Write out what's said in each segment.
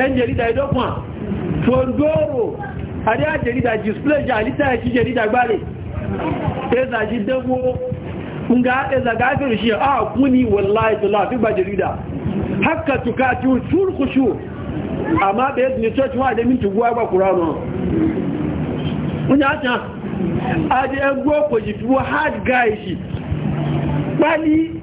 yan jarida idan kuma tondoro a da jarida display jalita ya ci jarida gbare ya zaji a kuni wallahi tola fi ba jarida haka tuka ci turkushu amma bai ne kurano kunya ta a da yan gwo ko hard guy shi bali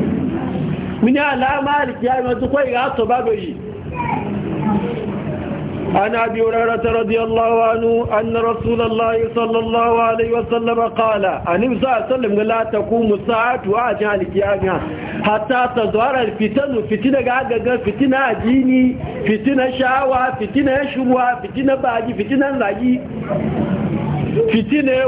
min yi alama alikiya yi matukwa iya to babu yi an abi wurarata radiyallahu anu an rasulallahi sallallahu alaihi wasallam kala a nimsa a sallam ga lataku musa'atu a ajin alikiya ya hata ta zuwarar fitan fitina ga agagar fitina ajini fitina sha'awa fitina ya shubuwa fitina bagi fitina zagi fitina ya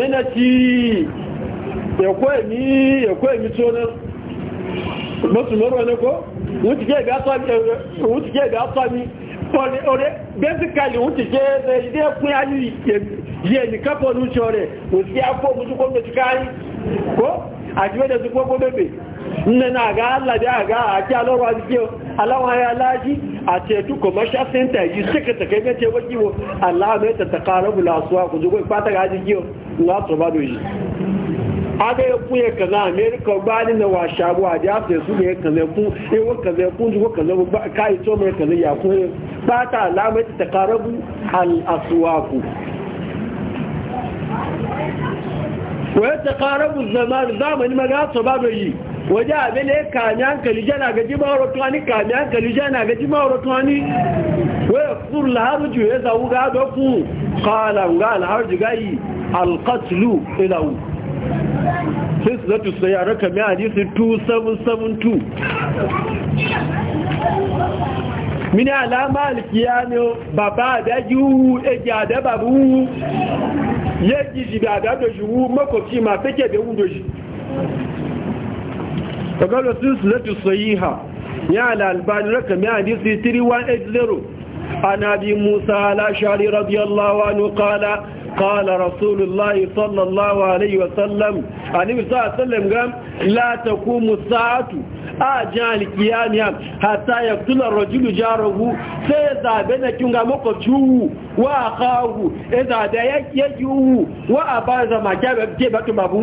yana ci ẹ̀kọ́ èmi tó náà mọ́sùmọ́rọ̀ ẹni kó wọ́n ti jẹ́ ìgbà tọ́ mi pọ̀lẹ̀ ọ̀rẹ́ bẹ́sìkàlì wọ́n ti jẹ́ ẹ̀rẹ́ ilé ẹkùn ayé yẹ nìkan pọ̀ ní ṣọ́ rẹ̀ alawa ya laji a teku commercial center yi suka ta kai mai tewa kiwo allah mai ta ta kara bulasuwa ku zuwa fata ga ajin kiwo na su ba doji aga ya kuye kaza america ba ni na washa abuwa da ya fi su ne kaza ku ewa kaza ku zuwa kaza ka yi to mai kaza ya kuye ba ta alama ta kara bu ku wa ya ta kara bu zamani ma ga su ba doji waje abin da ya kami hankali jana ga jimawar rotuwani kami hankali jana ga jimawar rotuwani waya furu laharuju ya zawu ga doku kala ga alharuju gayi alkatlu ilawu sai su zatu sai yara kami hadisi 2772 mini alama alkiyano baba ji wu eji adababu wu yeji jibi adadoshi wu makwabci ma fake da wu kagaro sun sulatu soyiha ya al'albani raka mai hadisi 3180 a nabi musa alashari radiyallahu anu kala kala rasulullahi sallallahu alaihi wasallam a nabi sa a sallam gam lataku musa'atu a jihar kiyaniya hata ya tunan rajulu jarogu sai ya zaɓe na kin ga makwacinwu wa a kawo ya zaɓe ya yi wu wa a ba zama ke batu babu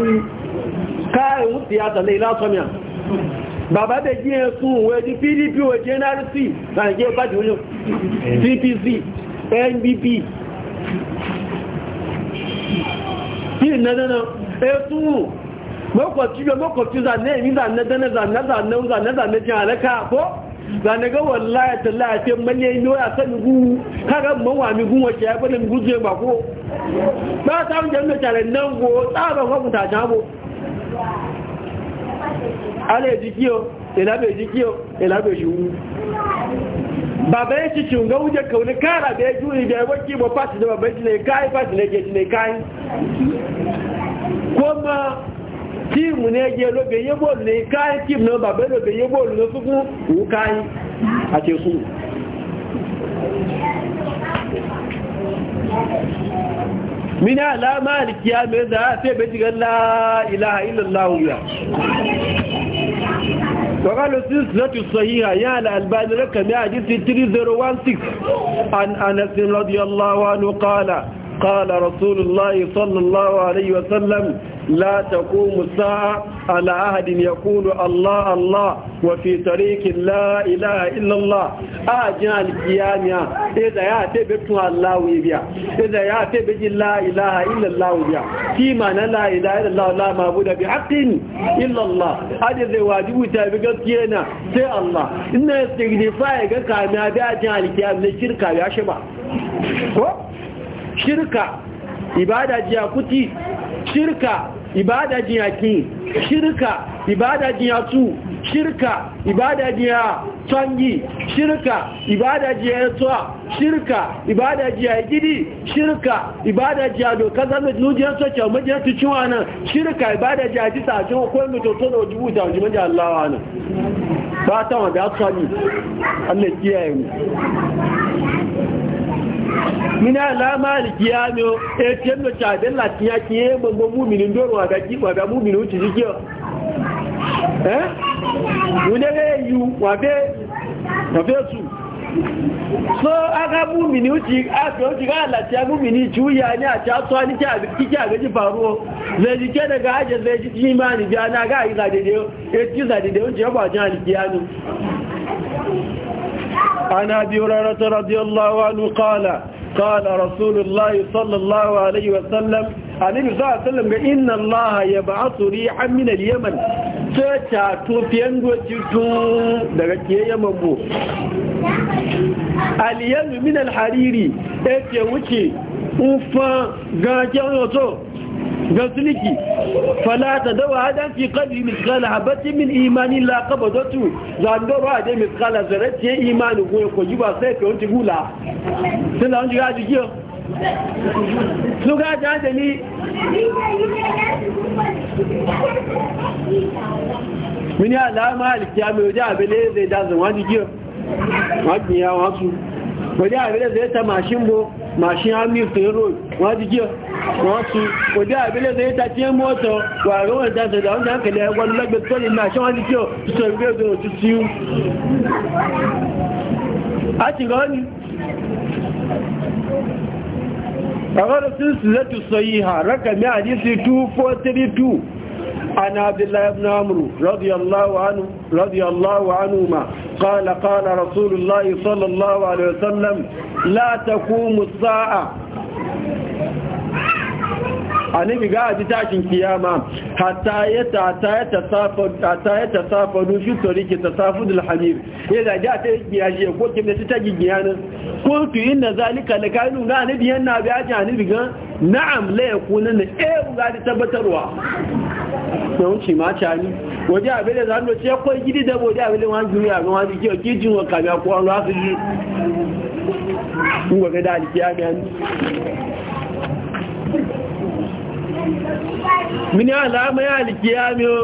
kayan bàbá bẹ̀ jí ẹ̀sùn òun ẹ̀dí pdp ò jnrc nàìjíríà bàjẹ́ olóò cpc npp kí ìnẹ́dẹ́nà ẹ̀sùn e òun makwabci ga makwabci zane ni zane zane zane zane zane zane jin halaka ko zane ga e e no ya alẹ́ẹ̀dí kí o ìlàbẹ̀ẹ̀dí kí o ìlàbẹ̀ẹ̀dí wú bàbá yẹn ti tún gawu jẹ kauni kára da ya juri da ya wakil ba fasi da babban shi ne kayi fasi ne ke shi ne kayi kuma tíìmù ní ẹgbẹ́ lóbi yé bọ́ọ̀lù ní káyí tíìmù náà bàbá lóbi yé bọ́ọ̀lù ló fún òun káyí àti سيس السلسلة الصحيحة يا الألبان لكم يا حديث 3016 عن أنس رضي الله عنه قال قال رسول الله صلى الله عليه وسلم لا تقوم الساعة على أهد يقول الله الله وفي طريق لا إله إلا الله أجعل آه، القيامة إذا يا تبت الله ويبيا إذا يا تبت لا إله إلا الله ويبيا كما لا إله إلا الله لا معبود بحق إلا الله هذا ذي واجب تابقات كينا سي الله إن استغنفاء كامي أبي أجعل القيامة شركة يا شباب شركة ibada جاكوتي kuti ibada jiya ki shirka ibada jiya tu shirka ibada jiya tangi shirka ibada jiya tsoa shirka ibada jiya gidi shirka ibada jiya doka zama nujiyar soke majiyar tu ciwa nan shirka ibada jiya ji sashen akwai mutoto da wajibu ta wajibu da allawa nan ba ta wanda ya tsani allah kiyaye mu mina lama likiyano e tendo cha della tiya kiye gbogbo mumini ndoro waga ji waga mumini uchi jikyo eh unere yu wabe wabe tu so aga mumini uchi aga uchi ga la tiya mumini ya ni acha so ani cha kicha ga ji faruo zeji ke daga aje zeji timani bi ana ga ga dede e ti za dede unje ba jani kiyano عن أبي هريرة رضي الله عنه قال قال رسول الله صلى الله عليه وسلم النبي صلى الله عليه وسلم إن الله يبعث ريحا من اليمن تتعطو فينغوتيتو دغتي يمن بو اليمن من الحريري ايه وكي gasuliki fala ta dawa hadan fi qadri mithqala habatin min imani la qabadatu zando ba da mithqala zarati imani ko ko jiba sai ko tigula sai da onji gaji giyo suka ja da ni min ya alama alkiyama yau da abele zai da zama jiyo wajen ya wasu wajen abele zai ta bo mashin amir road wọ́n ti jẹ́ wọ́n ti kò dé àbílẹ̀ tó yíta tí ó mú ọ̀tọ̀ wà rọ́wọ̀n ìdáṣẹ̀ àwọn ìdáǹkẹ̀lẹ̀ ẹgbọ́n lọ́gbẹ̀ tó a ti rọ́ ni ọ̀rọ̀ sí sílẹ̀tù sọ abdullahi ma قال قال رسول الله صلى الله عليه وسلم لا تقوم الساعة annabi ga a ji tashin kiyama hatta ya tasafadu shi tariki tasafudul hamir ya zage a ta yi ya ko kimda ta tagi giyanin ko tu yin na zalika da kanu na annabi yan na biya ji annabi gan na'am la yakuna na eh ga tabbatarwa ma wòdí àbẹ́lẹ̀ lánàá tí ẹ kọ́ ìgídí dẹ́bò wòdí àbẹ́lẹ̀ wọn jù àwọn wọn kí ọkí jù wọn kàmì àkọ́ ọ̀rọ̀ láti jù wọ́n gẹ́dá àdìkí àmì àmì mini alamai àdìkí àmì o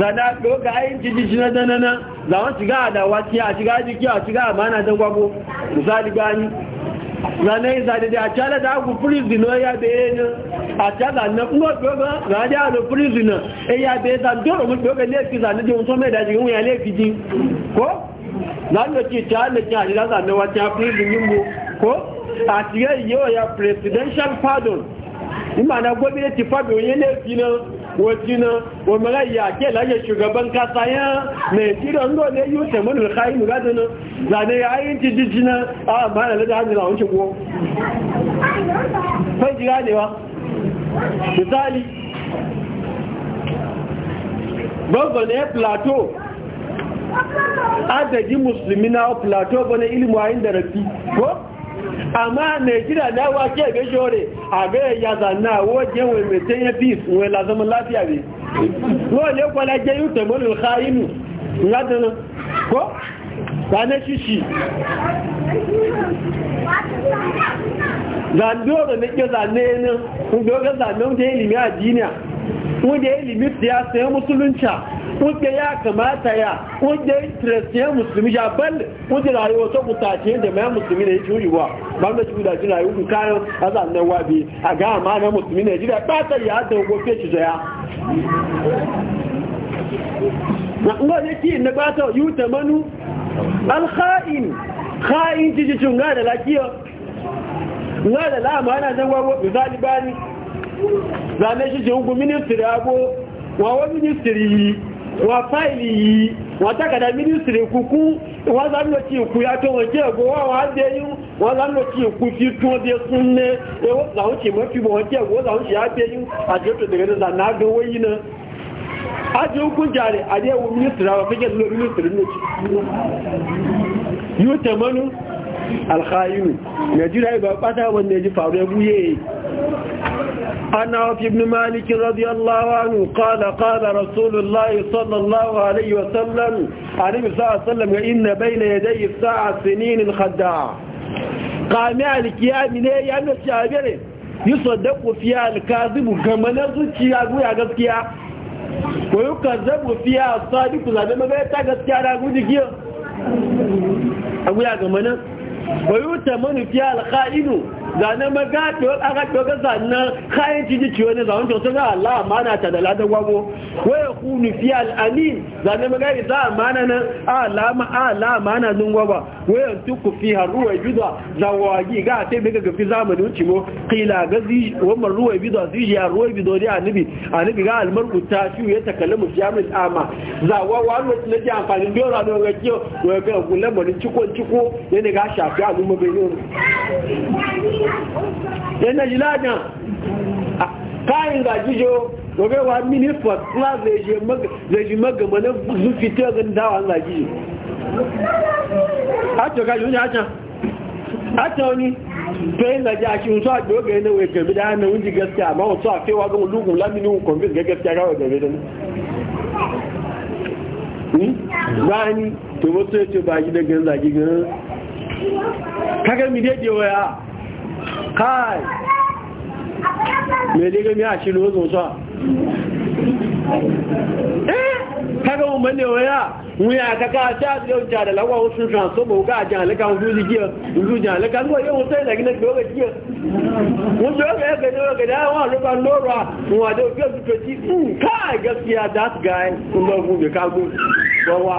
zada pé ó gáyé ń jíjí ṣiná dánáná làwọn ṣìgá àdáwà tí a ṣìgá jíkí àṣìgá àmà náà ranar izade da a cala e da agwu prisoner ya beye ne a cala na ngogogo ranar da agwu prisoner ya beye zan doro mutu yoga laifi zane da wuto mai daji yin wuya laifi ji ko zan da ke cala ki hajjira zane wata prison yin mu ko a tiye yawa ya presidential pardon imana gwamnati fabio yi laifi na wajina wa malayya ke laye shugaban kasa ya nigeria ndo ne yi wuce manu da kayi mu gadana zane ya yin ti jijina a mana da hajji na wuce ko sai jira ne wa misali gwamnan ya plateau adadi muslimina plateau bane ilimu ayin da rafi ko amma nigeria na yawa ke ga shore a ga ya zanna wajen wai mai tanye peace wai la zaman lafiya ne wani ya kwala ke yi tamalul kha'inu na dana ko ranar shishi zandoro na ke zane nan kun ga zane wajen ilimi a wanda ya limit ya sayan musulunci wanda ya kamata ya wanda ya interest ya musulmi ya bal wanda rayuwa ta kutace da mai musulmi ne ciwo yiwa ba mu ciwo da shi rayuwa kayan azan nan wabi a ga ma na musulmi ne jira batar ya da gofe shi daya na ngo ne ki ne ba ta yuta manu al kha'in kha'in ji ji tunga da lakiyo nga da lama ana zan wawo misali bani zane shi jingu ministiri wa wawa ministiri wa faili yi wa takada ministiri kuku wa zanloci ku ya to wace go wa wa de yi wa zanloci ku fi to de sunne e wa zanloci mafi bo wace go zanloci ya de yi a je to daga da na do wayi na a je ku jare a je wa ministiri wa fike lo ministiri ne ci yu tamanu alkhayinu najira ba pata wanne ji faru ya buye عن عوف بن مالك رضي الله عنه قال قال رسول الله صلى الله عليه وسلم عليه الصلاة والسلام إن بين يدي الساعة سنين الخداع قال مالك يا من يا من الشابر يصدق فيها الكاذب كما يا أبو يا أغسكيا ويكذب فيها الصادق لأنه ما بيتا يا أبو يتغسكيا أبو يا أغمنا ويؤتمن فيها الخائن zane maga a aka ga zanna kayan ciji ciwo ne zaman ciyo ga Allah amana ta da ladan gwamo waya kunu fi al'amin zane maga yi za amana nan ala amana nun gwaba waya tuku fi haruwa juda zawagi ga ta daga gafi zamani wuce mo kila ga zi wannan ruwa bido zijiya ruwa bido da annabi ga almarku ta shi ya takallamu fi amrin ji amfani ga ciko ga shafi yana ji lajan ah, kayan ga jijo gobe wa mini first zai ji magama na zufi ta gan dawa ga jijo hajjo ka ji wani hajjan hajjan wani pẹ́yìn lẹ́jẹ́ aṣíwúntọ́ àgbẹ̀ọ́gẹ̀ ẹ̀nà ìwé kẹ̀mí dáa náà ń jí gẹ́sẹ̀ àmọ́ òtọ́ àfẹ́wà gan ológun lámínú kọ̀m̀pí gẹ́gẹ́sẹ̀ ara ọ̀gẹ̀rẹ̀ lẹ́nu báyìí tòwótó ètò báyìí lẹ́gẹ̀ẹ́ kai mai daga miya shi lozon sa eh kaga mun bane waya wuya ka ka ta da ta da lawa wasu kan so mu ga jan alaka mu duji giya duji jan alaka ko yau sai da gina doga giya mun so ga ga doga da wa lo ban lora mu wa do ga to ti ka gaskiya that guy kun ba mu ka go gowa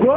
go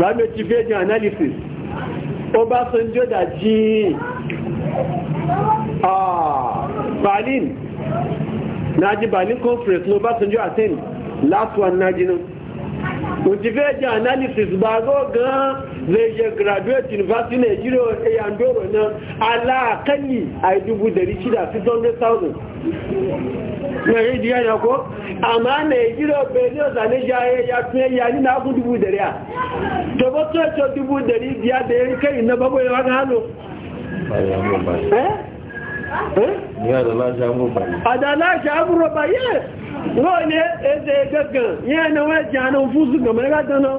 rámi ti fẹ́jì analysis Ọbásanjọ́ dà jí ah, Berlin náàjí Berlin conference ní Ọbásanjọ́ attend last one náàjí náà kò ti fẹ́jì analysis gbàgbọ́ gan zai je graduate university Nigeria eyandoro náà aláàkẹ́lì àìdúgbù 600,000 nwere e ji anya ama a na-ejiri obere ụza ahịa ya tụnye ya anyị na-akwụ dubu dere a tọbọtụ eto dubu ibi ya dere ike yi ya waga anụ adalaja abúrò báyẹ̀ ya na onwe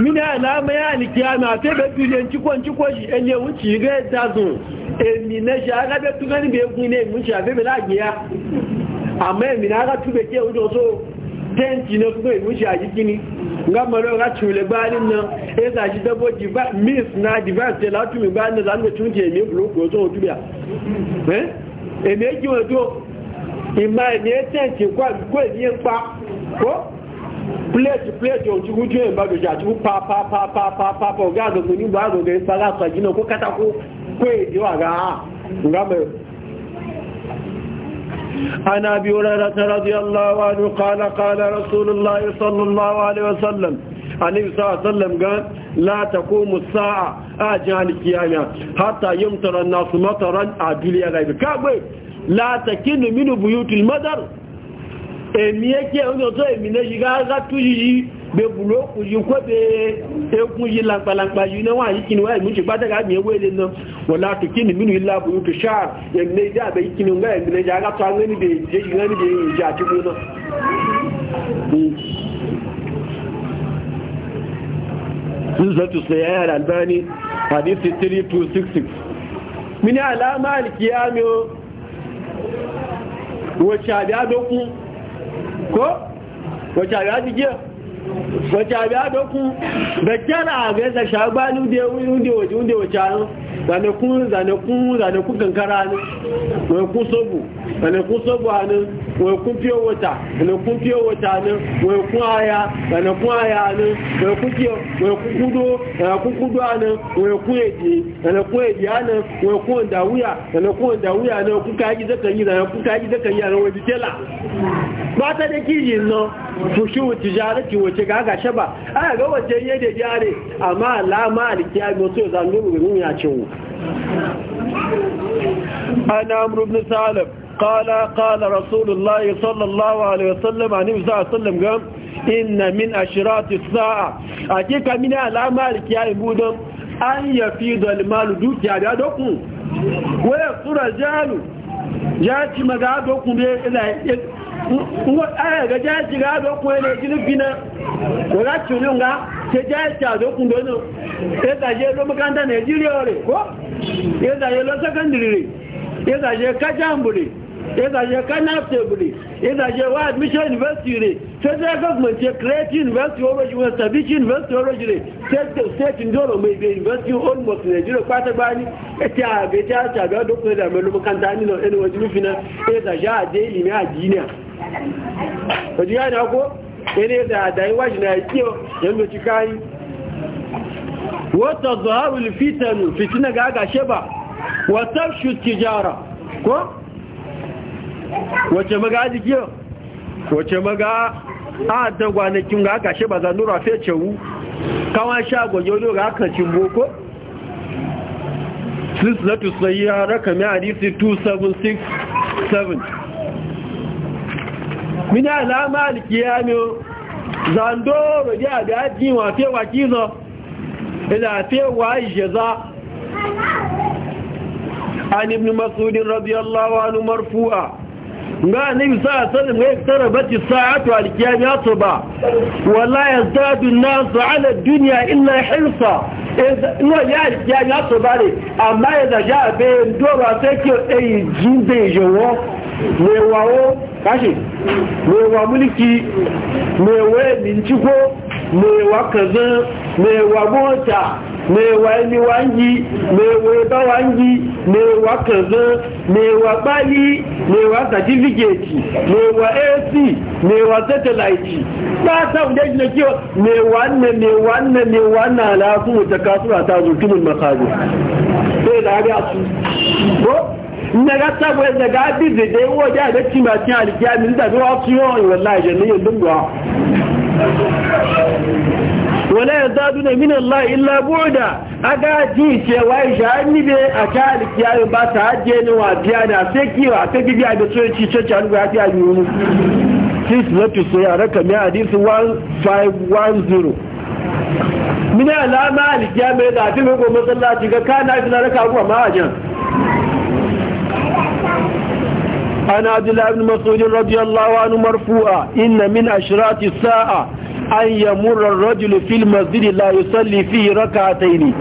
mini alama ya alikiyama na ba tuje cikon cikon shi ele wuce ga ta zo emi na shi aka be tugani be kun ne mun shi abe bela giya amma emi na aka tube ke wuce so tenti na kuma mun shi aji kini nga maro ga tule balin na e shi dabo di ba miss na device la mi gbali na zan ga tunje emi so eh emi imma tenti kwa ni pa ko pleti pléètì pléètì òtún ojú ẹ̀ bá dòjà tó pa pa pa pa pa pa pa ọ̀gá àgbègbè ní ìgbà àgbègbè ń sáré àtọ̀ ìjìnà kó kátàkó ko èdè wà rà ga nga me انا ابي هريره رضي الله عنه قال قال رسول الله صلى الله عليه وسلم عليه الصلاه والسلام قال لا تقوم الساعه اجل القيامة حتى يمطر الناس مطرا عدل يا غيب لا تكن من بيوت المدر èmi ẹkẹ́ oúnjẹ tó èmi lẹ́yìn gáàgá tó yìí gbẹ̀bùrú òkú yìí kó bẹ ẹkùn yìí lampalampa yìí náà wáyé kí ni mi ewé lè náà wọ́n kí ni mínú ilá burú tó ṣáà èmi lè jẹ́ àbẹ̀ kí ni wọ́n èmi hmm. alama ko wacce a yaji giya wace biya a doku da kyara a gaisa shagbani ude waje zane wace zane zanekun zane ku kankara anu waikun sobu zanekun sobu anu waikun fiye wata zanekun fiye wata anu waikun aya zanekun aya anu waikun fiye kun kudo zanekun kudo anu waikun eji zanekun eji anu waikun ndawuya zanekun ndawuya anu waikun kaji zakan yi zanekun kaji zakan yi anu wajen tela ba ta da kiji nan fushi wa tijarati wa wace ga ga shaba a ga wace da jare amma alama alkiya go so zan dubu mun ya wu ana amru ibn salib qala qala rasulullah sallallahu alaihi wasallam ani musa sallam ga inna min ashirati saa hakika min alama alkiya budan an ya yafidu almalu dukiya da dokun waya sura jalu ya ci maga dokun da ila aya eh, ga jaji ga do ko ne jinu bina ko ga nga ke jaji ga do kundo no e da je lo makanta ne jiri ore ko e je lo secondary e je e je e je wa admission university re government je create university university re ndoro me be university kwata e ti a be a ti do ko da me lo makanta ni no jinu fina e da ja de ajinia ba ji gane ko ɗaya da daiwa shi na kiyo yadda ci kayi wata zuharul fitanu fitina ga gashe ba wata shuti jara ko wace maga jikiyo wace maga a da gwanakin ga gashe ba mina la maliki ya mi o zandoro jẹ́ àbí ájí wọn àfíẹwà kí lọ ilẹ̀ àfíẹwà ìṣẹ̀zá an ibn masudin radiyallahu anhu marfu'a ga annabi sa sallam ya tsara bati sa'atu alkiyam ya tuba wala yazdadu an-nasu ala ad-dunya illa hirsa ina ya alkiyam ya tuba ne amma ya da ja be dora sai ke eh jinde jowo mewawo kashi mewa mulki mewa binciko mewa kaza mewa mota mewa ẹni wá ń yí mewa ẹbá wá ń yí mewa kẹ̀lẹ́ mewa báyí mewa sàtífíkẹ̀tì mewa ac mewa sẹ́tẹ̀láìtì látàwọn jẹ́ ìjìnlẹ̀ kí o mewa nẹ mewa nẹ mewa náà láàkún òtẹ̀kásùn àtàzù kí ni mọ̀kàrù nnaga sabo ya daga bizi da yawo da da cin ba cin alkiyami da zuwa su yawan wallahi jami'in dunga wala ya zadu na min Allah illa buda aga ji ce wai sha'ani be a ta alkiyayo ba ta hajje ni wa biya da sai kiwa ta bibi a da tsoci tsoci an ga ta yi mu sis na to sai a raka mai hadisi 1510 min ya alkiyayo da fi ko masallaci ga kana fi na raka kuma ma'ajin عن عبد الله بن مسعود رضي الله عنه مرفوعا إن من أشراط الساعة an murar rajulu fil masjid la yusalli fi rak'atayn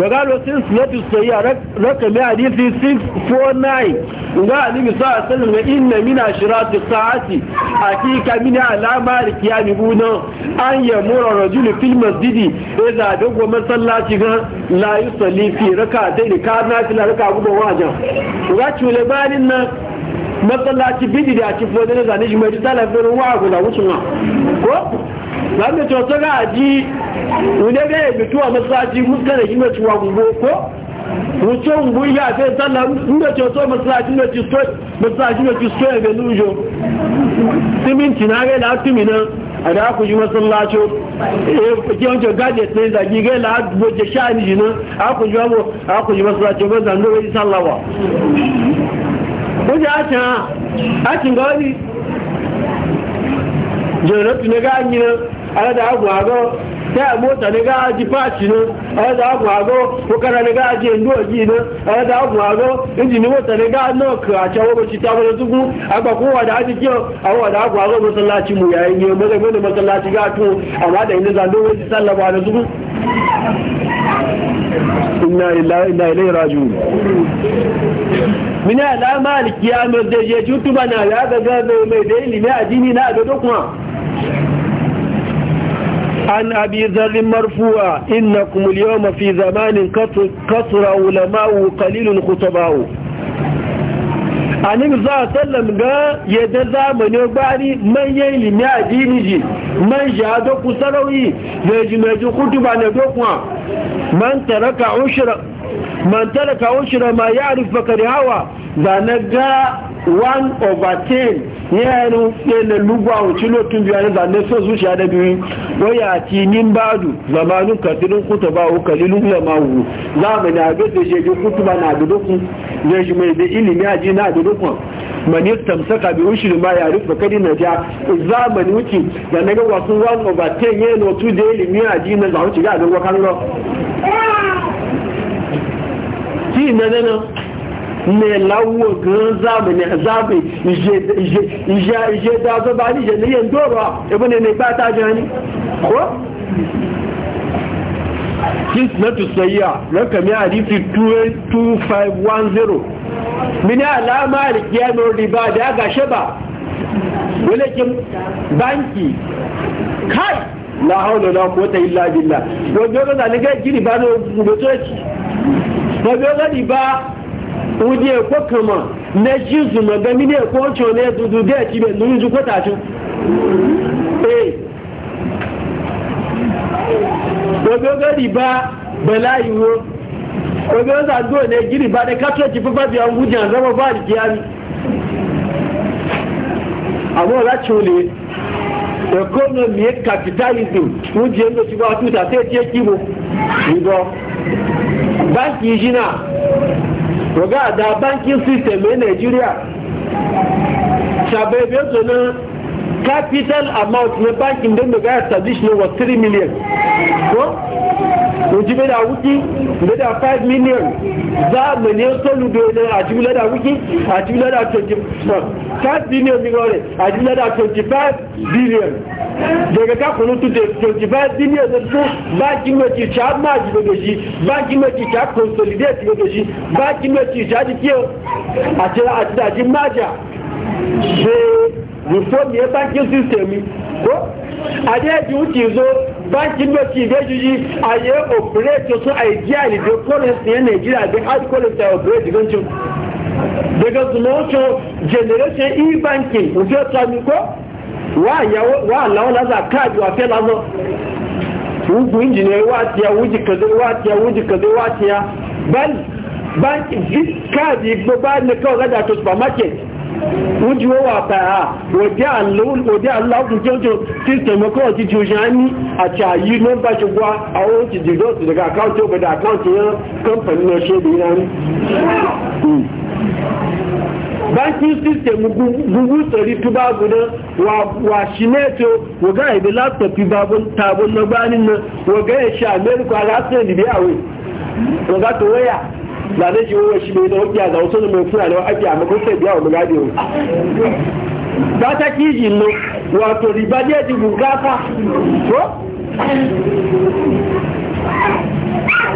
wa qalu since not sayya rakam hadith 649 ga annabi sallallahu alaihi wasallam inna min ashrati sa'ati hakika min alama alqiyami buna an murar rajulu fil masjid idza dago masallaci ga la yusalli fi rak'atayn kana fil rak'a gubo wajen ga cule banin nan matsalaci bidi da ci fodin zane shi mai talafin ruwa guda wucin ko wanda coto ga aji wunde ga ya mutuwa masalaci muska da kima tuwa gugu ko wuce gugu ya fi sallah inda coto masalaci na cisto ya ga nujo siminti na ga ila tumina a da ku yi masallaci ke wancan gadget ne zagi ga ila boje sha'ani jinin a ku yi wamo yi masallaci ba zan dogo yi sallah ba kuje a ga wani jenatu ne ga nan ada agwago ta mota ne ga ji faci ne ada agwago ga ga no ka ta wo ci ta wo tugu agba ko aji kiyo awa da agwago masallaci mu yayin ne mu ne masallaci ga to amma da da inna lillahi inna ilaihi raji'un mina la maliki ya mu je tutu bana ya ga ga da ilimi addini na عن أبي ذر مرفوعا إنكم اليوم في زمان كثر علماء قليل خطباء annabi za a sallam ga yadda zamanin bari manyan ilimi a diniji man ya doku sarauyi da jimeji kutuba na dokuwa man taraka ushira man talaka ushra ma ya'rif bakari hawa da na ga 1 over 10 yanu yana lugwa wuce lotun biya na zane so zuciya da biyu waya tinin badu zamanin kasirin kuta ba wu kalilun ya wu zamani abin da shege kutu ba na dudukun ya shi mai da ilimi a ji na dudukun mani tamsaka bi ushiri ma ya rufe kadi na ja zamani wuce da na ga wasu 1 over 10 yana otu da ilimi a ji na zahuci ga abin wakan lo ji na nan ne lawo gan zamani zabe ije da zo ba ni je ni yen doro ebe ne ne gbata jani ko kis na tusayya 2510 mini alama da kiyano riba da ga shaba walakin banki kai la haula la illa ọjọ́ gadi bá ojú ẹ̀kọ́ kan mọ̀ ní jíùsù mọ̀ gẹ́mí ní ẹ̀kọ́ ọ̀tún ní ẹ̀dùdù dẹ́ẹ̀ ti bẹ̀ lórí ju kọ́tà tún ọjọ́ gadi àwọn olè ẹ̀kọ́ náà ń jẹ́ ń lọ sí tó ẹ̀kí wo ìbọn banki jìnnà rọ̀gá da báńkì system ní nàìjíríà ṣàbẹ̀bí ó tó náà capital amount ní da ndóngbègá establish ní wọ 3 million ojú bẹ́dà wúkí bẹ́dà 5 million záàmù ní ó tọ́lù bẹ̀rẹ̀ àti bẹ́dà wúkí àti bẹ́dà 25 billion nígbọ́ rẹ̀ àti bẹ́dà 25 billion daga kakunu tu da 25 billion da su baki mace ta maji daga shi baki mace ta consolidate daga shi baki mace ta dikiyar a cikin maja sai reform ne banki system ko a dai duty zo bankin da ci gaji ji a yi operate su a jiya ne da currency na Nigeria da opere currency a operate gancin daga zumoto generation e-banking ofe sami ko wa lawan laza kaji wa fe lazo ugu injiniya wa tiya wuji kaza wa tiya wuji kaza wa tiya bal banki kaji gbogbo ne kawai gada to supermarket wọ́n ju owó àpàá òdí aláwùjọ́jọ́ tí tẹ̀mọ́kọ́ ti ju ṣe ní àti àyí mẹ́bà ṣogbọ́ àwọn ó ti dìgbò sí daga àkáǹtì òbẹ̀dà àkáǹtì yẹn kọ́mpẹ̀lú lọ ṣe bí yẹn banking system gugu sori tuba guda wa shi neto waga ibi laptop babun tabun na gbanin nan waga ya shi america alasan libya wai waga to waya na zai ji wuwa shi ne da wakiya da wasu mai suna da wakiya a kun sai biya wa mugadi wa ba ta kiji no wato riba ne di gugasa ko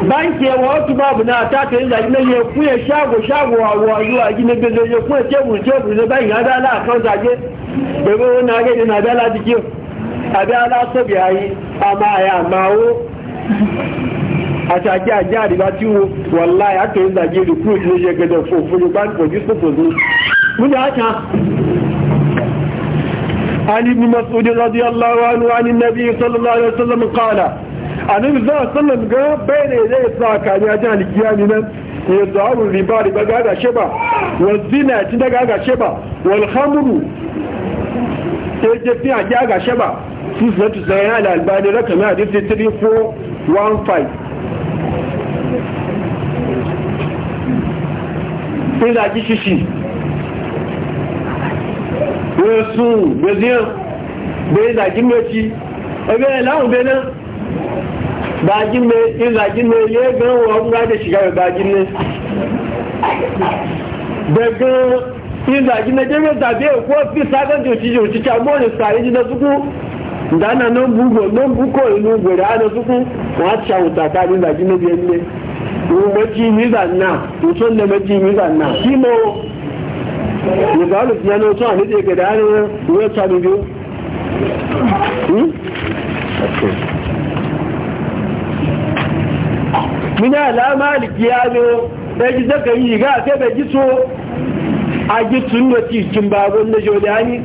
banki ya wasu babu na ta ta yi zaki ya kuye shago shago wa wa zuwa gina bezo ya kuye tebur tebur na bayan ya dala a kan zage bebe wani agadi na dala jikin a dala so biyayi amma ya mawo àtàkì àjẹ́ àdìbá tí wo wọ̀lá àtò ìzàjì ìrùkú ìlúṣe gẹ̀dọ̀ fún òfúrú bá ń pọ̀jú sókòzó múlẹ̀ àkà alìbí masudi rọ́dí aláwọ̀ wani nabi sallallahu alaihi wasallam kọ́lá alìbí sallam gan bẹ̀rẹ̀ ilé ìsọ́ àkàrí ajá alìkíyà nínú yanzu arun riba riba gaga sheba wanzina ci daga gaga sheba walhamuru ta yi jafi a gaga sheba su zatu zai albani rakami a 315 ìlà kí ṣíṣì wẹ́sùn gbẹ̀zíyàn gbẹ̀ ìlà kí mẹ́tí ẹgbẹ́ ẹ̀láhùn bẹ́ náà bàájí mẹ́ ìlà kí mẹ́ ilé ẹgbẹ́ wọn ọgbọ́n láti ṣìkà rẹ̀ bàájí mẹ́ gbẹ̀gbẹ̀ ìlà kí mẹ́ jẹ́gbẹ́ tàbí èkó fi sáfẹ́ntì òṣìṣẹ́ na mọ́rin sàrí jí lọ́sùkú ìdáná náà bú kọ̀ inú gbèrè á lọ́sùkú a á ṣàwùtà káàdì ìlà kí ne maji mizanna mutum da maji mizanna shi mo yubalus da ne hmm? mina alama alkiyano da e ji zaka yi ga sai da giso a gitsun da cikin babon na jodani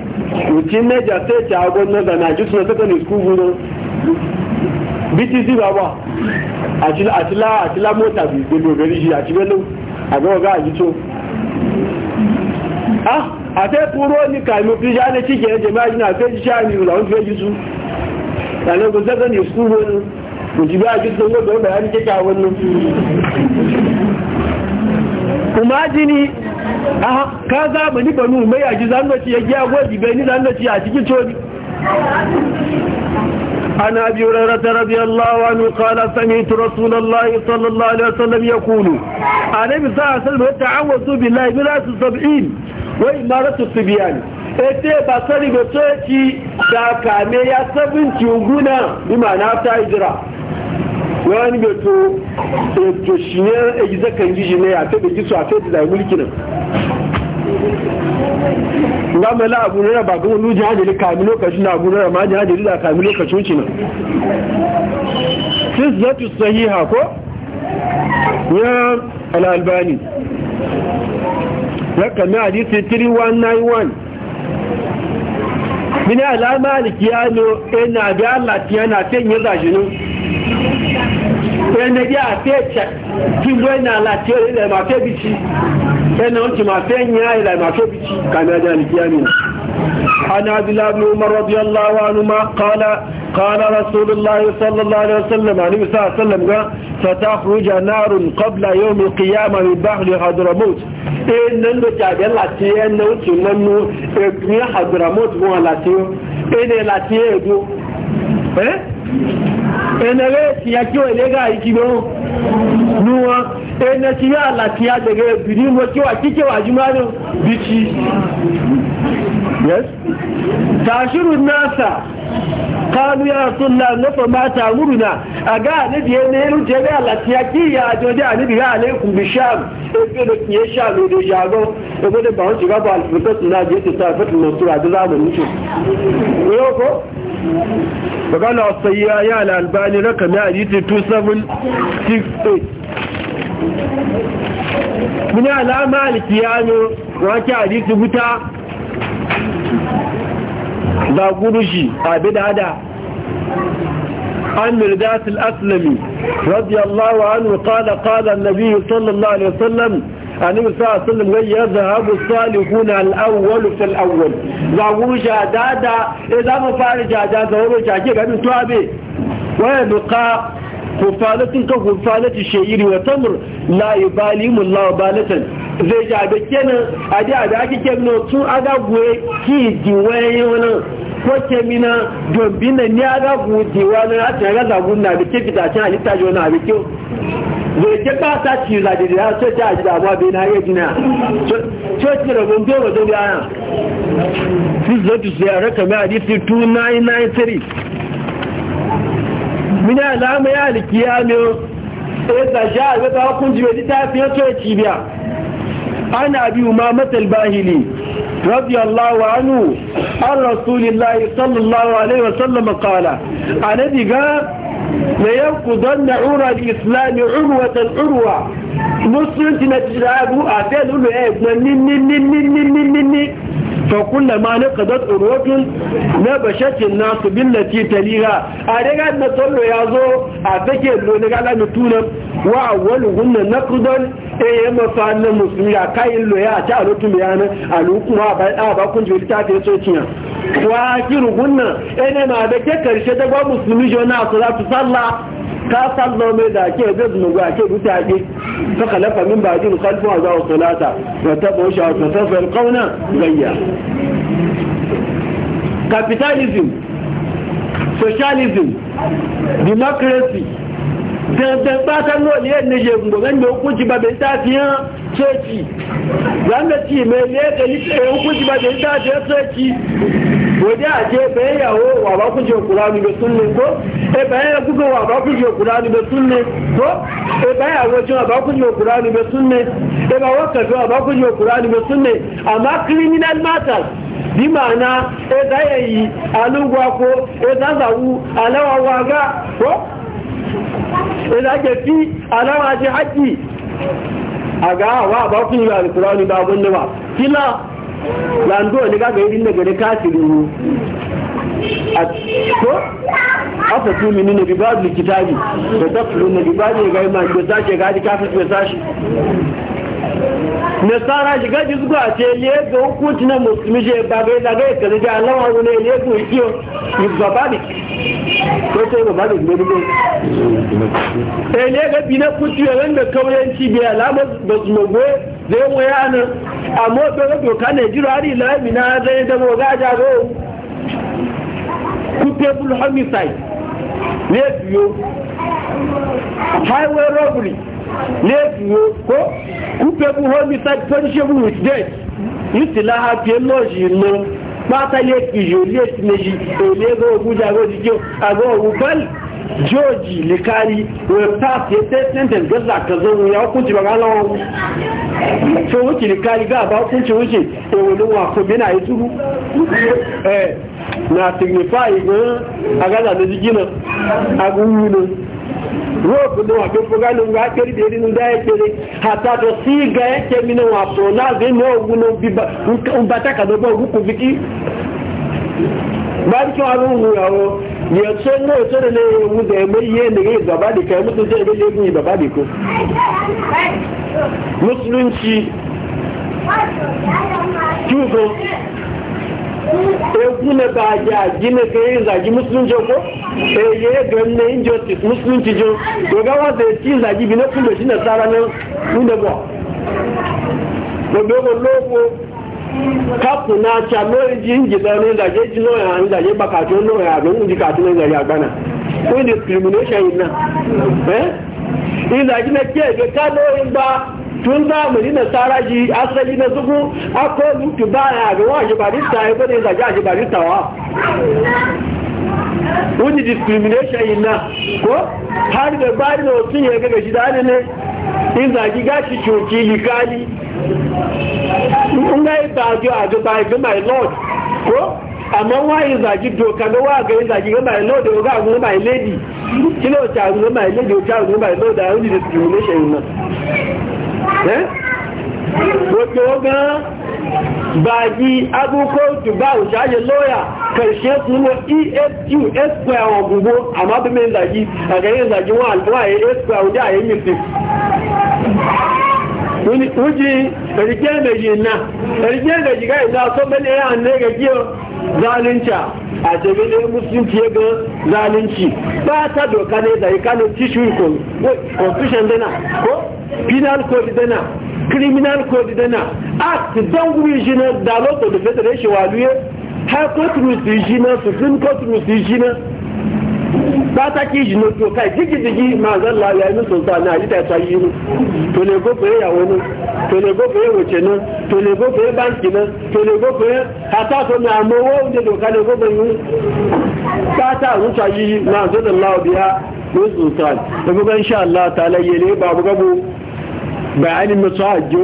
mutum na jasa ta agon na zana gitsun da saka ne skubu btc bàbá àtìlá àtìlá mọ́tà bí gbogbo obìnrin ṣe àti mẹ́lú àgbẹ́wọ̀gá àyíkó àtẹ́kúrò ní kàìmù fi ṣe alẹ́ tíjẹ̀ ẹjẹ̀ máa jìnà fẹ́ jíṣẹ́ àmì ìrọ̀lọ́n fẹ́ jù tún ìlànàkùn sẹ́kọ̀ndì skúl wọn kò ne bá jù tún lọ́dọ̀ ọ̀bẹ̀ àti kíkà wọn nù kùmá jí ni ká záàmù a nù mẹ́yà jù zánúọ̀tí ẹgbẹ́ agbóòjì bẹ ní zánúọ̀tí àti kíkọ́ عن أبي هريرة رضي الله عنه قال سمعت رسول الله صلى الله عليه وسلم يقول النبي صلى الله عليه وسلم تعوذ بالله بلا السبعين وإمارة السبيان ete ba sani ga coci da kame ya sabinci guna bi ma'ana ta hijira wani beto to shi ne a gizakan gishi ne a ta da gisu a ta da mulki nan Mu mala abu rara ba ga wani jihajiri kami lokacin da abu rara ma jihajiri da kami lokacin cina. nan sis zatu sahiha ko ya al'albani ya kami hadisi 3191 mini alama alikiyano ina bi allah yana ten yi zashinin ẹnẹjẹ́ àti ẹ̀chẹ̀ tí wọ́n ní àlàtí orílẹ̀-èdè bi ci. ẹnà ó ti máa fẹ́ yìn àìlà ana abilabi umar radiyallahu anhu ma qala qala rasulullahi sallallahu alaihi wasallam sallam ga narun eh nan lati nan eh, lati eh, ne lati e eh ene eh, nuwa ɗaya eh, na ci ya lafiya daga biri mo kewa kikewa jimanin bici yes tashirun nasa kanu ya rasulla nafa mata ta muruna a ga alibi ya ne rute ga latiya ki ya ajoji alibi ya alaikum bi sham ebe da kiye sha lo do jago ebe da bawon shiga ba alfata na je ta tafata masura da zamani ce ko ko فقال الصياء على الباني رقم حديث 2768 من علامة الكيانو وكي حديث بتا ba gurushi a bidada عن مرداس الأسلمي رضي الله عنه قال قال النبي صلى الله عليه وسلم النبي صلى الله عليه وسلم يذهب الصالحون الأول في الأول وعقول جادادا إذا ما فعل جادادا هو جاكيب أبن توابي ويبقى خفالة كخفالة الشعير وتمر لا يباليهم الله بالة zai ji abe kenan a da ake kemno tun agagwe ki diwa yi wani ko kemina dombi na ni agagwe diwa na ati aga zagun na bi ke fita can halitta ji wani kyau zai ke ba ta ci zaɗi da ya soce a ji damuwa bai na iya jina coci da gombe wajen yana fi zotu su yara raka mai disi 2993 mina alama ya alkiya ne ya eh, zashi a zata hukunci bai ta fiye ci biya عن أبي أمامة الباهلي رضي الله عنه عن رسول الله صلى الله عليه وسلم قال الذي قال لينقضن عرى الإسلام عروة العروة مسلم تنتجرابه أعطيه له إيه نن نن نن نن نن نن فكلما نقضت عروة نبشت الناس بالتي تليها أرجع نصلوا يا زو أفكر لو نقال نتونا وأولهن نقضا إيه مفعل المسلمين كاين لو يا تعالوا تميانا ألوكم أبا كنت بلتاتي سوتيا وآخرهن إنما ما بكتر شدقوا مسلمين جونا صلاة صلى ka sallo mai da ke zai zunugu a ke buta فخلف من بعدهم خلف وأضاعوا الصلاة واتبعوا شهوة فسوف يلقون غيا capitalism socialism democracy dandan fatan lori yadda je gungun da hukunci ba bai tafiyan coci zanga ci mai leka yi tsaye hukunci ba bai tafiyan ceci. waje a ce bayan yawo wa ba ku je ni da sunne ko e bayan ya buga wa ba ku je kurani da sunne ko e bayan yawo ce wa ba ku je kurani da sunne e ba waka ce wa ba ku je ni da sunne amma criminal matters bi ma'ana e za ya yi alugwa ko e za zawu alawa waga ko e za ke fi alawa ce haƙƙi a ga wa ba ku yi alkurani da abin da ba kila lando ne gaga yi dinna gari kafiru a ko aka tu mini na bibadu kitabi da tafsirin na bibadu ga yi ma ko sace gadi kafin ko sashi nasara shiga jizgo a ce le ga hukunci na musulmi je ba gai zaga ya kazi da alawa wani ne ku ikiyo gaba ne ko ce gaba ne ne ne eh le ga bi na kuci ya wanda kauyanci bi alama ba su mago zai waya nan amma ba ga doka ne jira hari lami na zai da mo A ja go ku table homicide ne biyo highway robbery lẹ́gbùn kó kúpẹ́kú homicide punishable with death ní ti láha pé lọ́ọ̀ṣì lọ pátálé ìyò lẹ́tì méjì olóògbé ogúnjẹ́ agójíjó àgọ́ òwú bẹ́ẹ̀lì george likari wọ́n pàtí ẹ̀tẹ́ sentence gẹ́sà kẹzọ́ wọn yà ọkùnjẹ́ bàbá lọ́wọ́ fún wíkì likari gaba ọkùnjẹ́ wíkì èwò ló wà fún mẹ́nà ìtúrú na signify gan eh, agaza méjì gínà agúnwú náà rope na wabe fogalo nga kiri deri nga kiri hata to siga yake mina wapo na zimo guno biba umbataka dobo huku viki bari ki wani hu yawo ya so ne so de ne hu da mai ye ne ga baba da kai mutu sai ga ni baba da ko musulunci tugo egwu ba ja gina ka yin zagi musulunci ko Eye ye gan Otis musulunci jo to ga wanda zagi bi na kuma shi na tsara nan mun da kapu na acha lori ji inji da ne da je no ya da je baka to no ya don ji ina gina ke ga kanoyin ba tun zamani na saraji asali na zugu akwai lutu baya ga wa jibarista ya bane zage a jibarista wa wani discrimination yin na ko har da bari da mutum ya gaga shi da ne in zagi gashi coki likali in ga yi ta a ji ba ga my lord ko ama wá ìzàjí dòkà ló wà gẹ̀ ìzàjí gbẹ́bà ìlóòdè ọgá àwọn gbẹ́bà ìlédì kí ló ṣe àwọn gbẹ́bà ìlédì ọjá àwọn gbẹ́bà ìlóòdè àwọn ìdí discrimination ìmọ̀ efq zalunta a jami'in musulunci ya ga zalunci ba ta doka ne da ikanin tishiri constitution dana ko penal code dana criminal code dana act don wuri shi na dalot of the federation waluye high court musulunci jina supreme court musulunci jina. pàtàkì ìjìnà tó ká ìdígidigi máa zan láàyè ẹnu sọ̀tọ̀ àná àyíká ẹ̀ta yìí nù tó lè gbófò ìyàwó nù tó lè gbófò ìwòchè nù tó lè gbófò báńkì nù tó lè gbófò àtàkùn ní àmọ́ owó oúnjẹ tó ká lè gbófò yìí pátá àwùjọ yìí yi zọ́dọ̀ láòbí ha ní sọ̀tọ̀ ẹgbẹ́gbẹ́ insha Allah ta'ala yẹlé babu gabu bayani mutu àjò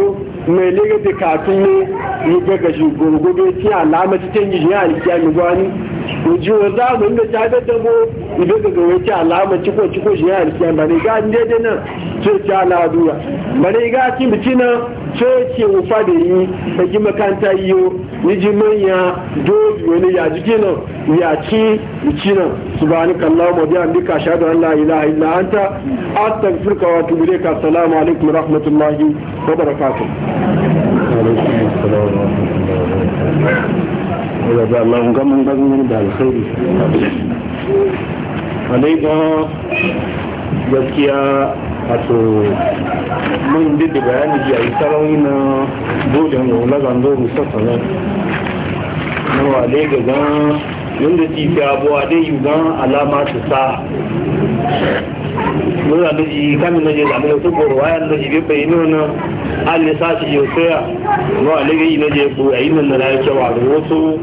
mai lagos da katun ne yi gaggashi gurgudu ti alamar titan yi jiya alkiyar ojú ọ̀dá àwọn ìgbẹ̀ta agbẹ́tẹ̀bó ìgbẹ́gbẹ̀gbẹ̀ tí aláàmà tí kò tí kò ṣe àìsí àmàrígá dédé náà tí ó ti aláàdúwà màrígá tí bìtí náà tí ce ti wùfà yi yí ẹjí makanta yíó níjí mẹ́yà dóòlù wọlé yàjíkí náà yàkí ìkí náà subhanaka allahumma bi amdika ashhadu an la ilaha illa anta astaghfiruka wa atubu ilayka assalamu alaikum rahmatullahi wa barakatuh wadda Allah gaman gazanar da alkhairi alaikon gaskiya wato mun didi bayani ji a yi sarauni na dole wani wula zan zo musamman na wale ga yadda ti fi abuwa dai yi yuban alama su sa muna da ji kamin na je zami da tukuru wayan da ji bebe yi nuna an ne sa shi yau saya ma a lege yi na je ku a yi nan na ya cewa da wasu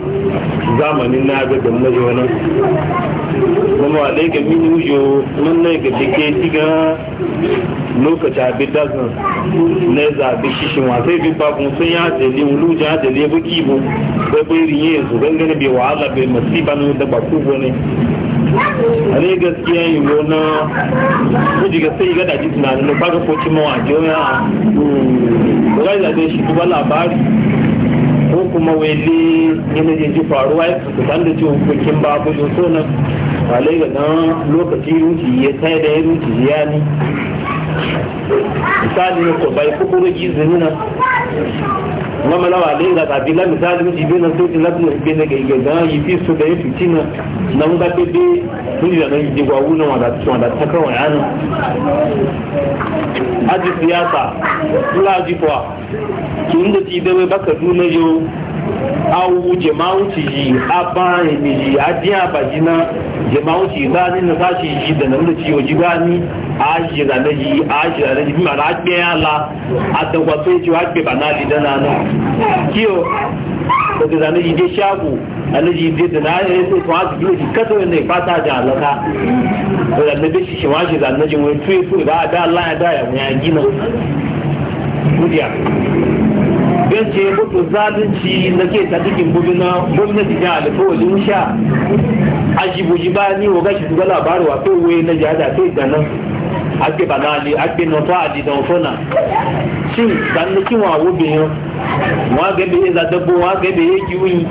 zamanin na ga gam na wani kuma a lege mini wujo nan na ga dike tiga lokacin abin da zan na zaɓi shishin wasai bi babun sun yi jeli wuluja jeli ya buki bu bai bai riye su gangana bai wa'ala bai masu banu da ba ku a ale gaskiya yi lona, ko jiga sai ga daji tunanin da kwaga ko cimma wa joya ko ga da shi duba labari ko kuma wele yana je ji faruwa ya kasu san da ciwon kokin babu jo so nan ale ga nan lokaci ruci ya tsaye da ya ruci ya ni misali ne ko bai ko gizini nan mama lawa le nga ta bila misali mi be na so ti lati mi be na ge ge ga yi fi su da yi ti na na nga be bi ni da na yi gwa wu na wa da ti wa da ta ka wa ya na aji siyasa la ji kwa kin da ti da baka duna yau. awu jama'u ci ji a bayan ne ji a baji na jama'u ci gani na da nan da ciwo ji gani a da e, e, e na ji a da na ji bima da ya la a dangwato ya wa ba na na na kiyo zane ji dai shago ji dai da na ya gina ji kasa wanda ya fata da alaka da zane da shi shi ma zane ji wani ba a da Allah ya da ya gina. Mudiya. ce mutu zalunci na ke ta cikin guduna gwamnati na alkawalin sha ajibuji ba ni wa gashi su ga labarin wa to wai na jihada sai da nan agbe bàbá àdì agbe nọtọ àdì dọ̀fọ́nà shin zannikin wa wubin wa gabe ya zadabo wa gabe ya ji wuni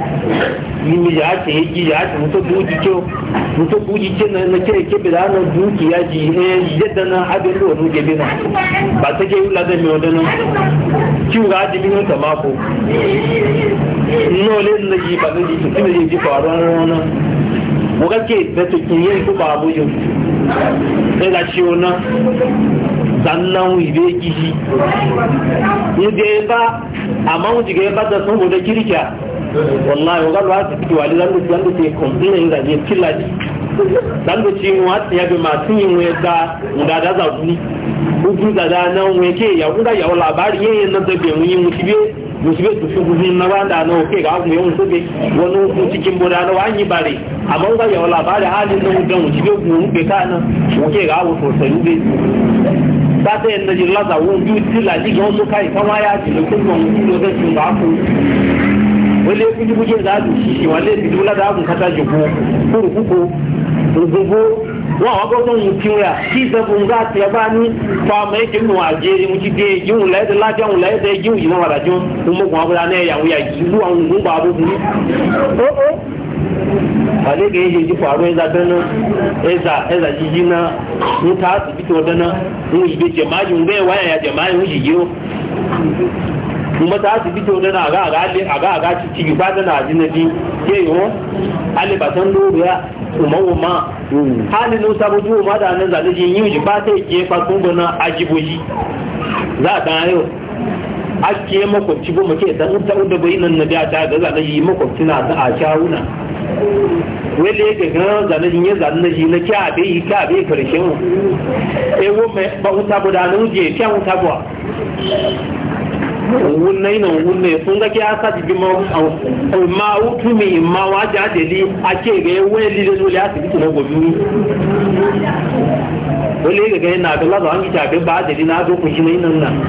ni mi ya ce ya ji ya ce mutu buji ce mutu buji ce na na ce ke bila na duki ya ji eh yadda na abin da wani gabe na ba ta ke wula da mai wadana ka ga ne ta ko nole na yi ba na ji su kina ji faruwar rana mu kake da tukin yin ko ba abujin sai ga ciwo nan sannan ibe gishi yadda ya ba a wuce ga ya ba da sun hudu kirkiya wallahi wa galwa su fito wali zan da zan da ke komplina yin zage killaji zan da ci mu wasu ya bi masu yin wayar da mudada zaɓuni ugu da da nan wake ya kuda ya labari yayin na zabe mu yi mu biyu musulmi su fi guzin na wanda na oke ga akwai yawan sobe wani hukun cikin boda na wani bare amma ba yawa labarin halin na wudan musulmi ku rufe ka nan oke ga akwai sosai rube ba ta yadda jin laza wani biyu tila jiga wasu kai kama ya ji da kuma mutum da zai cin ba ku wani ya fi dubu jin za a dushi shi wani ya fi dubu laza akwai kata jiko kurukuku rububu wọn àwọn gbọ́dọ̀ ń kí wọn kí ìsẹ́fún ńgá tiẹ̀ bá ní fàmù ẹ̀jẹ̀ ń wà jẹ́rìí mu ti dé ẹ̀jẹ̀ ń lẹ́dẹ̀ lájọ́ ń lẹ́dẹ̀ ẹ̀jẹ̀ ń yìí náà wà lájọ́ ń mú kàn ábúlá náà yàwó yà ìlú àwọn ògùn bá bó burú. Ale ga yake ji faru ya zaɓe na eza eza jiji na mun asibiti wadana mun yi be jama'i mun ya jama'i mun yi mmata asibiti ona na aga aga ga aga aga titi ba fata na ji na ji ke yi wo alibatan batan do ya uma uma hmm. hali no saboju uma da nan zale ji yi ba ta ke fa kun gona ajiboji za a ta a ke makwabci goma ke dan ta da bai nan na biya ta ga zale yi makwabci na ta a shawuna wele ya gaga zane shi ya zane shi na kya be yi kya be karshen ewo mai ba wuta guda na wuje kya wuta guwa wunne ina wunne sun ga kiya sa jibi ma ma utu ma wa ja ake ga we li de lula asibiti na gobi ni wale ga ga na ga la an ki ga ba de na do ku shi ne nan nan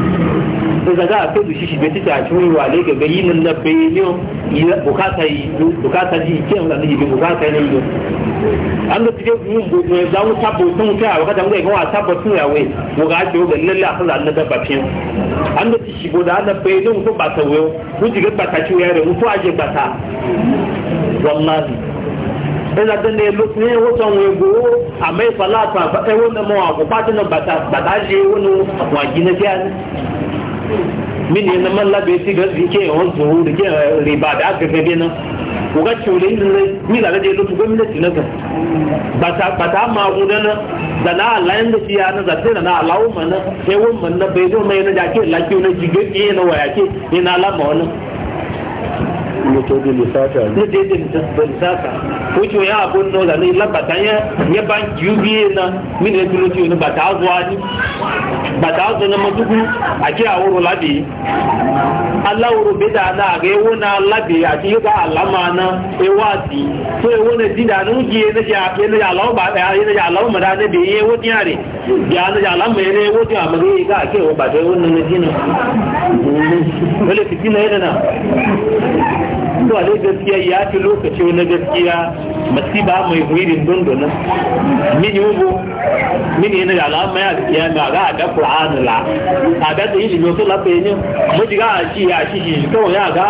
ìgbà dáa tó lù ṣíṣì bẹ́ẹ̀ títí àti wíwọ àlẹ́ gẹ̀gẹ́ yìí nínú bẹ́ ilé bùkátà ìlú yi yìí kí ẹ̀rọ àlejò bí bùkátà ilé ìlú. an da tije mun gudu ne za mu tabo tun kai a wakatan ga kuma tabo tun yawe mu ga ji ga lalle a kula Allah da an da tishi bo da Allah bai don ko ba ta wayo ku ji ba ta ci yare mu to aje ba ta wallahi dan da ne lokacin wato go a mai salata ba ai eh, wannan mu ko fatin ba ta ba ta je wani wa gina ta min ne nan malla bai ci gazi ke yawan eh, da ke riba da aka be nan kuga cewa yin nan ni da rage lutu gwamnati na ga ba ta ma gudana da na Allah yanda shi ya na zace da na Allah umma na sai umma na bai zo mai na da ke laki na jige na waya ke ni na lama wannan mutodin lisata ne da da lisata ko ce ya abun no da ni labata ya ya ban UBA na min ne tulo ce ni ba ta zuwa ni bàtà ọ̀sán ní mọ́túkú àti àwòrò lábì aláwòrò bẹ́tà náà rẹ̀ ewó náà lábì àti yíká àlámà náà ewó àti tó ewó náà dídà ní oúnjẹ ẹnẹ́jà aláwòmọ̀dá níbi iye ewó tí àrẹ̀ bí a yi aláwòmọ̀ ẹ̀rẹ́ ewó tí àmọ́ rí ká àkẹ́ ìwọ̀ bàtà ewó nínú dínà wọlé fìtínà ẹ̀rẹ́ náà tó àlẹ́ gaskiya ya fi lokaci na gaskiya masiba mai huirin dundunan min yugo min yana ga alama ya ya ga ga ga qur'an la a da yi no so la pe ni mo ji ga shi ya shi shi kawai ya ga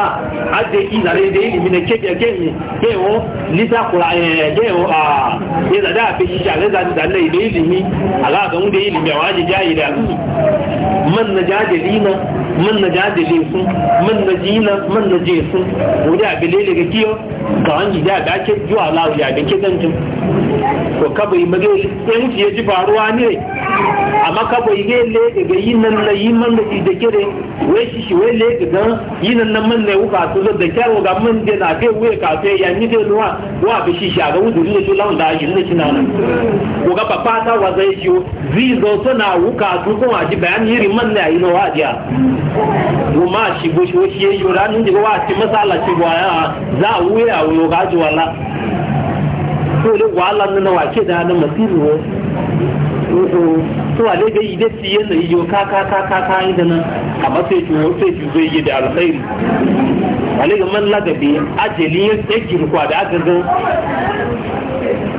ade yi na re de yi min ke ke ni ke wo ni sa qur'an eh, eh ke wo a ye da da pe shi ja le da da le de yi ni ala ga mu de yi ni wa ji ja yi da man na na man na jajile su man na jina man na je su wuri a bilele ga kiyo ga an ji da ga ke juwa la i ya bi kidan tun to yi mage in ya ji faruwa ne amma kaba yi le daga yi nan na yin man da da kire wai shi shi wai le daga yin nan nan man ne uka to da kyaro ga man da na be we ka fe ya ni da ruwa wa bi shi shaga wudu ne to lawan da yi ne kina nan ko ga papa ta wa zai shi zo to na uka to ko ji bayan yiri man ne yi no wa dia ko ma shi go shi wo shi yi ran ni ga wa ti masala shi wa za wuya wo ga ji wala tó lè wà lánà náà wà kéde àná masiru wo ne wà lè da yìí ka ka ka ka ka kákákákáká yìí dáná àmọ́ tó ètò wọ́n tó ètò zai yi da alkhairi wà lè man lagabe ajali yẹn tẹ́kìrì da àdá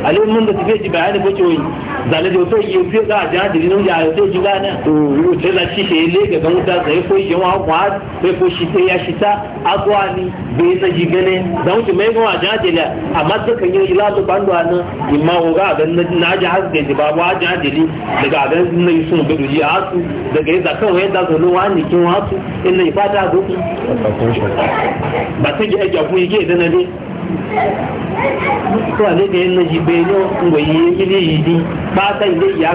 alẹ́ mú ndé ti fẹ́ ti bàyá ní bójú oyin zàlẹ́ tó fẹ́ yìí fi ká àti àti nínú ìyá àti ojú bá náà òwúrò tó la ṣiṣẹ́ ilé gẹ̀gẹ́ ń ta sẹ́yìn fún ìṣẹ́ wọn ko shi ṣiṣẹ́ ya ṣiṣẹ́ agbọ́ àní bẹ́ẹ̀ ṣe ṣi gẹ́lẹ́ dáhùn tó a àti àti ilẹ̀ àmọ́ tó kàn yín ilá tó bá ń lọ àná ìmọ̀ wò ká àbẹ̀ nájà àgbẹ̀ ti bá wọ́n àjà àti ilé daga àbẹ̀ nínú ìfún òbẹ̀dù yìí àásù daga ìzà káwọn ẹ̀dá sọ̀rọ̀ wọn á nì kí wọ́n á tún ẹ̀nà ìfádà àgbẹ̀kùn. bàtí ẹ̀jà fún dana ìdánadé tó àlejò yẹn lọ yìí bẹ́ẹ̀ ní yìí ilé yìí dín pátá ilé yìí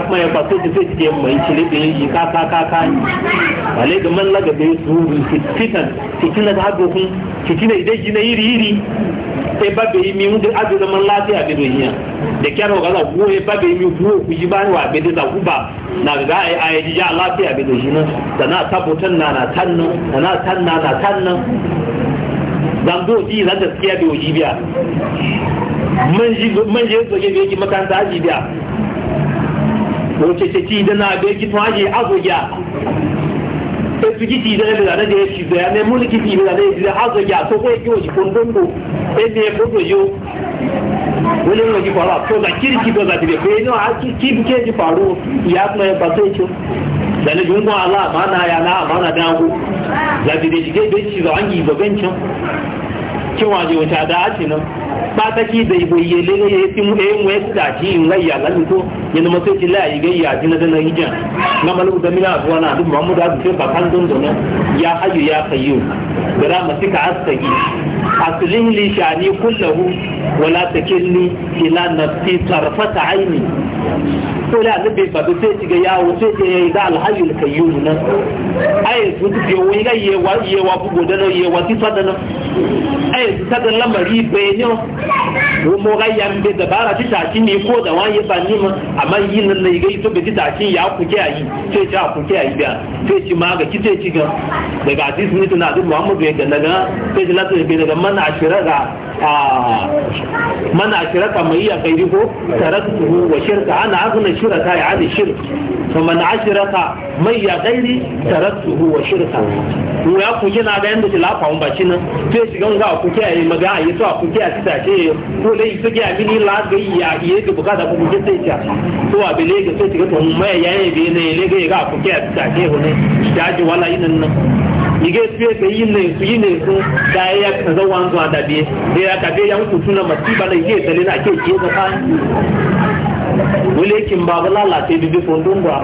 mọ̀ ìṣẹ̀lẹ̀ yìí yìí sùúrù a dùn fún fìtìnà ìdè yìí náà yìí ba de a donna man laati a bɛ don yi yan de kɛra o ka la wo e mi wo kuyi ba wa a bɛ de la ku ba na a bɛ a ye yi na da ta zamdo ji za ta tsiya da oji biya manje ya tsoge bai ki makanta aji biya wace ce ci da na bai ki tun aji azo biya e su kiti da zane da ya ci zaya ne mun kiti da da da azo biya so ko ki oji kon dondo e ne ko do yo wani yau ki kwara ko da kirki ko za ta ko ne nawa ki ki ke ji faru ya kuma ya ba sai ki da ne jungo Allah amana ya na amana dangu zabidejigai bai ci zawon yi bagancin cewa ne wata da ake nan ba ta ki zai ibo yele ne ya fi mu ya wai su dace in layya lalito yin masu ci la yi gayya jina da na hijan na malu da mila zuwa na duk mamu da su ba kan don ya hayu ya kayu da masu ka asali asalin li shani kullahu wala takilli ila nafsi tarfata aini ko la nabi ba da sai ga ya sai ya yi da alhayu da kayu na ai su duk ya wai ga ye wa ye wa bugo da ye wa ti sada na ai su sada lamari bayan yau ko mo ga yambe da bara ti ta ni ko da wani ba ni ma amma yi nan na ga ito beti tashi ya kuke yi sai ci a kuke yi biya sai ci ma ga ki sai ci ga daga aziz ne tana aziz muhammadu ya ga daga sai ci lati da daga mana ashirar mana ashraka mai ya kai ko taraktuhu wa shirka ana aghna shirka ya ani shirk fa man ashraka mai ya gairi taraktuhu wa shirka to ya ku kina ga yanda ki lafa mun baci nan sai shiga ga ku kiyaye maga ayi to ku kiyaye ta ce ko dai su kiyaye mini la ga ya iye ga bukata ku je sai ta to a bile ga sai ki ga to mai yayin bi ne le ga ku kiyaye ta ce ko ne Ya ji wala inan nan ige fiye da yi ne su yi ne su da ya ka zo wan zuwa da biye da ya ka biya ku tuna masiba da yake tale na ke ke da ka wule kin ba ba la da bi fondon ba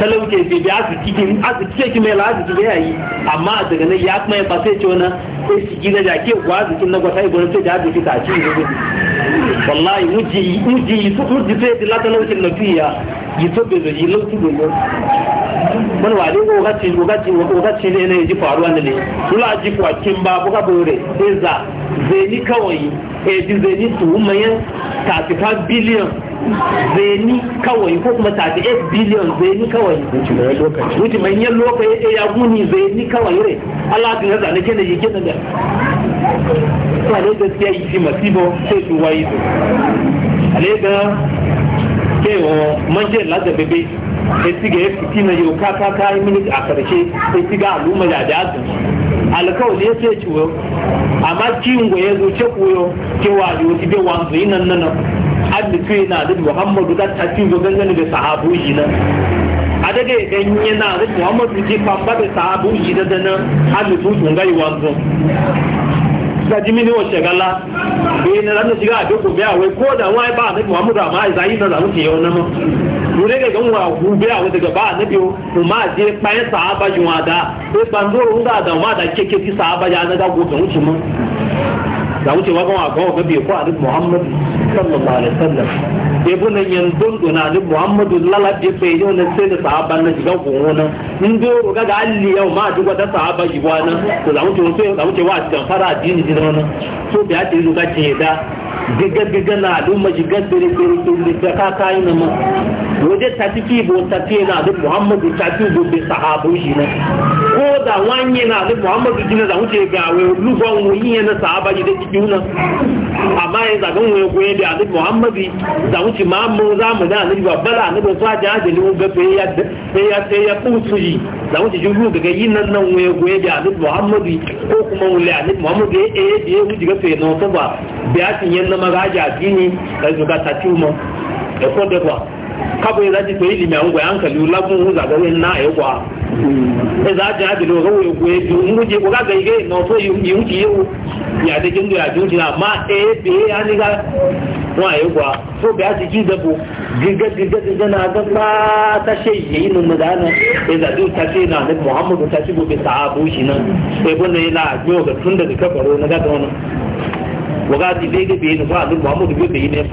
talauke bi bi azu kikin azu kike ki mai lazu ki yayi amma daga nan ya kuma ba sai ce wannan sai shi gina da ke kwa azu kin na gwata ibo sai da azu ki ta ci ne wallahi muji muji su muji sai da talauke na fiya yi to be zo yi lauti be mun wa din gogaci gogaci gogaci ne ne ji faruwa ne kula ji kwa kin ba buka bore eza zeni kawai e ji zeni tu mayan 35 billion zeni kawai ko kuma 38 billion zeni kawai wuce mai yan lokaci eh, ya guni zeni kawai re Allah ya ne kene yake da ale gaskiya yi masibo sai su wayi su ale ga kewa manje lada bebe sai su ya fiti na yau kaka ka yi mini a karshe sai su al'umma da da alkawali ya ce ciwo amma ciwon ya zo ce koyo cewa yau ti bai wanzu yi nan nan da muhammadu da ta da sahabu yi nan a daga ya na da muhammadu ji famba da sahabu yi da gai wanzu bai na ranar shiga a dokon a wai ko da wani ba muhammadu amma a na yau na wòle ke ke ŋun awu bɛ awo dege ba ne bi o o ma di kpɛn saa ba ju wa da o kpa ndoro ŋun ma da keke saa ba ya ne ka go gaŋu ti mu gaŋu ti wa gaŋu a gaŋu o ko ale muhammadu sallallahu nye ndondo na ale muhammadu lala bi pe ne se ne saa ba jiga go ŋun na ndoro ka gaa liya o ma di saa ba ju wa na o gaŋu ti o wa a fara di ni di na so bi ka tiɲɛ da. gẹ́gẹ́gẹ́gẹ́ náà àdúmọ̀ jù da gẹ́gẹ́rẹ́ gẹ́gẹ́ká na mun waje tafi ki bo tafi na duk muhammadu tafi bo be sahabu shi na ko da wanye na duk muhammadu gina da wuce ga we lufan wuyi na sahaba ji da ciki una amma ya zagan we ko yi da muhammadu da wuce ma mu za mu da ni ba bala ni ba sa ja da lu ga fe ya fe ya fe ya kusu ji da wuce ji lu daga yin nan nan we ko yi da muhammadu ko kuma wuli ni muhammadu eh eh ya wuce ga fe no ta ba biya tin yan magaji addini da zuga tatiuma da ko da kwa kabo ya zaji to ilimi an gwa hankali lagun hu zaga wen na ya kwa e za ja bi lo go go e du mu ji ko ga ga ige no to yu yu ji yu ya de jin ya ju na ma e be ani ga wa ya kwa so ga ji ji da bu giga giga giga na ga ba ta yi mu da na e za du ta ce na da muhammadu ta ci go be sahabu shi e na e ko ne la jo ga tun daga kabaro na ga wọ́n ká ti ni gẹ́gẹ́ bí ẹni fún àdúgbò àmọ́ òdìbò ìbẹ̀yìn náà.